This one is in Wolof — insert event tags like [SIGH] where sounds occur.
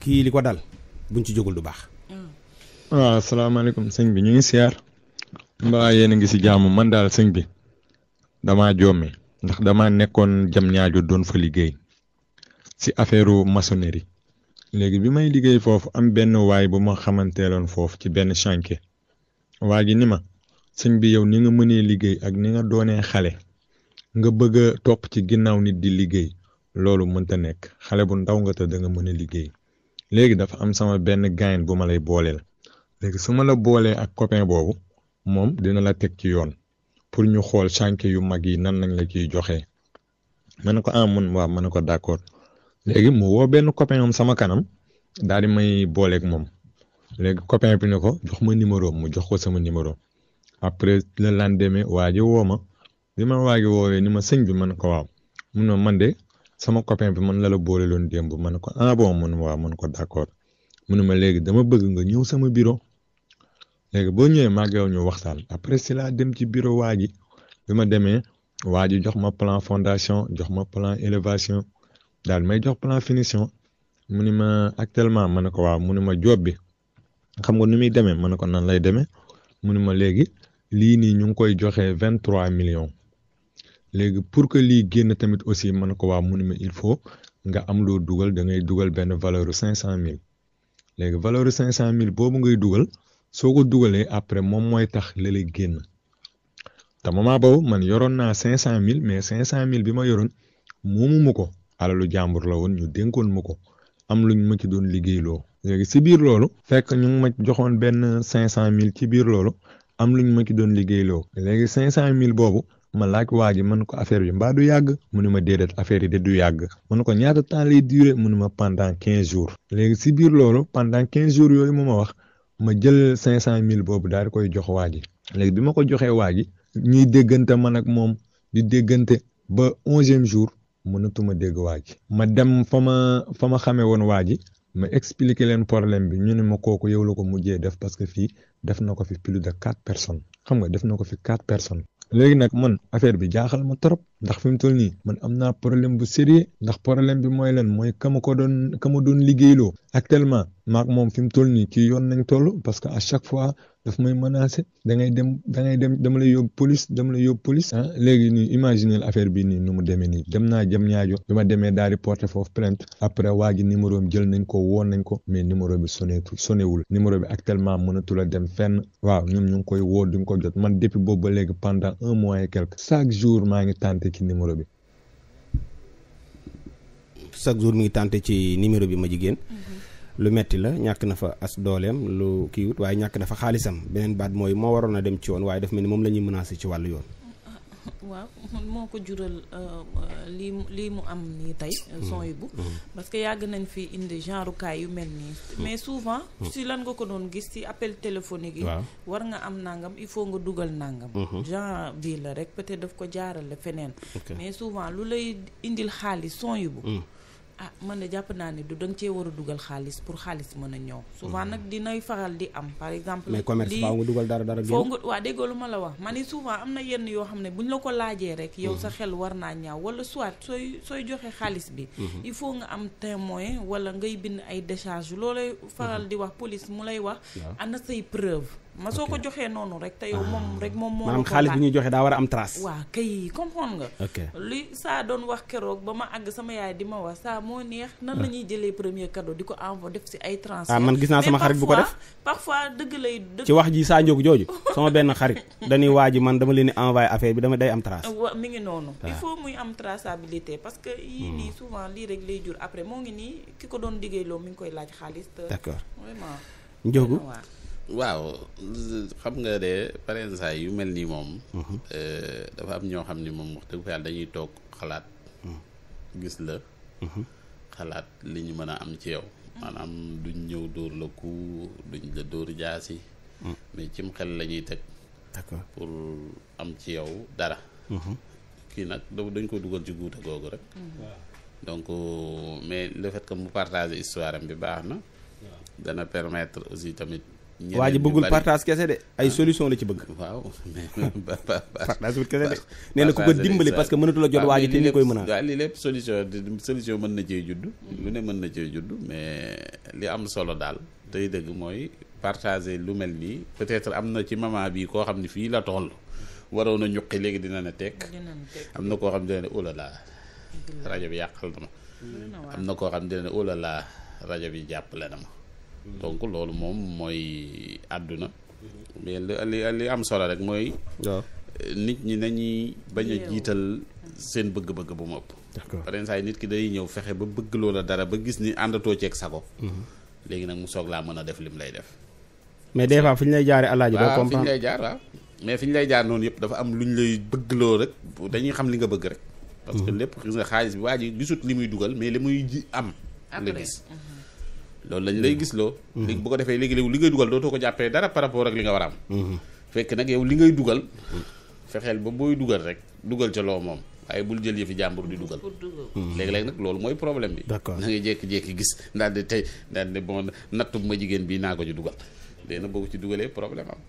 kii li ko dal buñ ci jógul du baax. waaw asalaamaaleykum sëñ bi ñu ngi siyaar. mbaa yéen a ngi ci jaamu man daal sëñ bi dama jommi ndax dama nekkoon jam ñaajo doon fa liggéey si affaire maçonnerie léegi bi may liggéey foofu am benn waay bu ma xamanteeloon foofu ci benn chantier waa ji ni ma sëñ bi yow ni nga mënee liggéey ak ni nga doonee xale nga bëgg a topp ci ginnaaw nit di liggéey loolu mënta nekk xale bu ndaw nga te danga nga mën a liggéey léegi dafa am sama benn gain bu ma lay booleel léegi su ma la boolee ak copain boobu moom dina la teg ci yoon pour ñu xool chantier yu mag yi nan nañ la ciy joxee ma ne ko ah mun waaw ma ne ko d'accord léegi mu woo benn copain am sama kanam daal di may booleeg moom léegi copain bi ne ko jox ma numéro mu jox ko sama numéro après le lendemain waa ji woo ma bi ma waa woowee ni ma sëñ bi man ko waaw mun na man de sama copain bi man la la boole loon démb ma ne ko ah bon man waaw man ko d'accord mu ne ma léegi dama bëgg nga ñëw sama biro léegi boo ñëwee maa ngi ñu waxtaan après si laa dem ci bureau waa ji bi ma demee waa ji jox ma plan fondation jox ma plan élévation daal may jox plan finition mu ne ma actuellement ma ne ko waaw mu ne ma job bi xam nga nu muy demee ma ne ko nan lay demee munu ma léegi lii nii ñu ngi koy joxe vingt trois million léegi pour que lii génn tamit aussi man ko waa mu ne ma il faut nga am loo dugal da ngay dugal benn valeur cinq cent mille léegi valeur cinq cent mille boobu ngay dugal soo ko dugalee après moom mooy tax lële génn te moment ba man yoroon naa cinq cent mille mais cinq cent mille bi ma yoroon moomu ma ko alalu jàmbur la woon ñu dénkoon ma ko am luñ ma ci doon liggéeyloo léegi si biir loolu fekk ñu ma joxoon benn cinq cent mille ci biir loolu am luñ ma ci doon liggéeyloo léegi cinq cent mille boobu. ma laaj waa ji man ko affaire bi mbaa du yàgg mu ne ma déedéet affaire yi de du yàgg ma ne ko ñaata temps lay durer mu ne ma pendant quinze jours léegi si biir loolu pendant quinze jours yooyu mu ma wax ma jël cinq cent mille boobu daal di koy jox waaj léegi bi ma ko joxee waa ji ñuy déggante man ak moom di déggante ba onzième jours mënatuma dégg waa ji ma dem fa ma fa ma xamee woon waa ji ma expliqué leen problème bi ñu ne ma kooku yow la ko mujjee def parce que fii def na ko fi plus de quatre personnes xam nga def na ko fi quatre personnes léegi nag man affaire bi jaaxal ma trop ndax fi mu toll nii man am naa problème bu sérieux ndax problème bi mooy lan mooy ka ma ko doon ka ma doon liggéeyloo actuellement maak moom fi mu toll nii ci yoon nañ toll parce que à chaque fois daf may menacer da ngay dem da ngay dem dama lay yóbbu police dama la yóbbu police ah léegi nii imaginer affaire bi nii nu mu demee nii dem naa jëm ñaajo bi ma demee daal di porter foofu plainte après waa ji numéro am jël nañ ko woon nañ ko mais numéro bi soneetul sonewul numéro bi actuellement mënatul a dem fenn waaw ñun ñu ngi koy woo duñ ko jot man depuis boobu ba léegi pendant un mois et quelque chaque jour maa ngi tenté ci numéro bi. chaque jour mi ngi tenté ci numéro bi ma jigéen. Mm-hmm. lu metti la ñàkk na fa as dooleem lu kiiwut waaye ñàkk na fa xaalisam beneen baat mooy moo waroon a dem ci yoon waaye daf mel ni moom la ñuy menacé ci wàllu yoon. waaw moo ko jural euh, lii lii mu am nii tey. Mhm. son yu bu mhm. parce que yàgg nañ fi indi genre kaay yu mel nii. Mhm. mais souvent. si lan nga ko doon gis ci appel téléphonique yi. war nga am nangam il faut nga dugal nangam. genre bii la rek peut-être daf ko jaaral la feneen. mais souvent lu lay indil xaalis son ah man de jàpp naa ne du da cee war dugal xaalis pour xaalis mën a ñëw. souvent mm-hmm. nag dinay faral di am par exemple. mais commerce faaw nga dugal dara dara. foo nga waa déggoo lu ma la wax ma ne souvent am na yenn yoo xam ne bu ñu la ko laajee rek. yow sa mm-hmm. xel war naa ñaaw wala soit sooy sooy joxe xaalis bi. Mm-hmm. il faut nga am témoin wala ngay bind ay décharge loolay faral di wax police mu lay wax. ana say preuve. ma soo ko joxee noonu rek te ah. moom rek moom moo maanaam xaalis bi ñuy joxe daa war a am trace waaw kay comprendre nga li saa doon wax keroog ba ma àgg sama yaay di ma wax saa moo neex nan la ah. ñuy jëlee premier cadeau di ko envoyé def si ay transfert ah man gis naa sama xarit bu ko def parfois dëgg lay dëgg ci wax ji saa njóog jooju sama benn xarit [LAUGHS] dañuy waa ji man dama leen di envoyé affaire bi dama day am trace waaw mi ngi noonu ah. il faut muy am traçabilité parce que yii hmm. nii souvent lii rek lay jur après moo ngi nii ki ko doon liggéey mi ngi koy laaj xaalis te d'accord vraiment njóogu waaw xam nga de parensaay yu mel nii moom. Mhm. Euh, dafa am ñoo xam ni moom wax dëgg fa yàlla dañuy toog xalaat. Mhm. gis la. Mhm. xalaat li ñu mën a am ci yow. maanaam duñ ñëw dóor la ku duñ la dóor jaasi. mais cim xel la ñuy teg. d'accord pour am ci yow dara. kii nag dañ ko dugal ci guuta googu rek. donc euh, mais le fait mu partage histoire bi baax na. dana permettre aussi tamit. waa ji bëggul partage kese de ay ah. solution la ci bëgg. waaw [LAUGHS] partage wut kese de. nee na ku ko dimbali parce que mënatu la jot ah, waa ji te li koy mën a. waaw lii lépp solution solution mën na cee judd. lu ne mën na cee judd mais li am solo daal. tey dëgg mooy partager lu mel nii peut-être am na ci moment bii koo xam ne fii la toll. waroon a ñuqi léegi dina ne tekk am na koo xam dina ne oh laa rajo bi yàqal na ma. am na koo xam dina ne oh là rajo bi jàppale na ma. donc loolu moom mooy àdduna mais li li am solo rek mooy nit ñi nañuy bañ a jiital seen bëgg-bëgg bu mu ëpp paren saa nit ki day ñëw fexe ba bëgg loo la dara ba gis ni àndatoo ceeg sago mhm. léegi nag mu soog laa mën a def lim lay def mais des fois fi ñu lay jaare alaaji doo comprendre fi ñu mais fi ñu lay jaar noonu yëpp dafa am lu ñu lay bëggloo rek dañuy xam li nga bëgg rek parce que mhm. lépp gis nga xaalis bi waa ji gisut li muy dugal mais li muy ji am nga gis mhm. loolu lañ lay gis loo mm-hmm. léegi bu ko defee léegi léegi li ngay dugal dootoo ko jàppee dara par rapport ak li nga war a am mm-hmm. fekk nag yow li ngay dugal mm-hmm. fexeel ba booy dugal rek dugal ca loo moom waaye bul jël yëfi jàmbur di dugal léegi-léegi nag loolu mooy problème bi d'accord na ngay jékki-jékki gis daal di tey daal di natt bu ma jigéen bi naa ko ci dugal dee na boobu ci dugalee problème am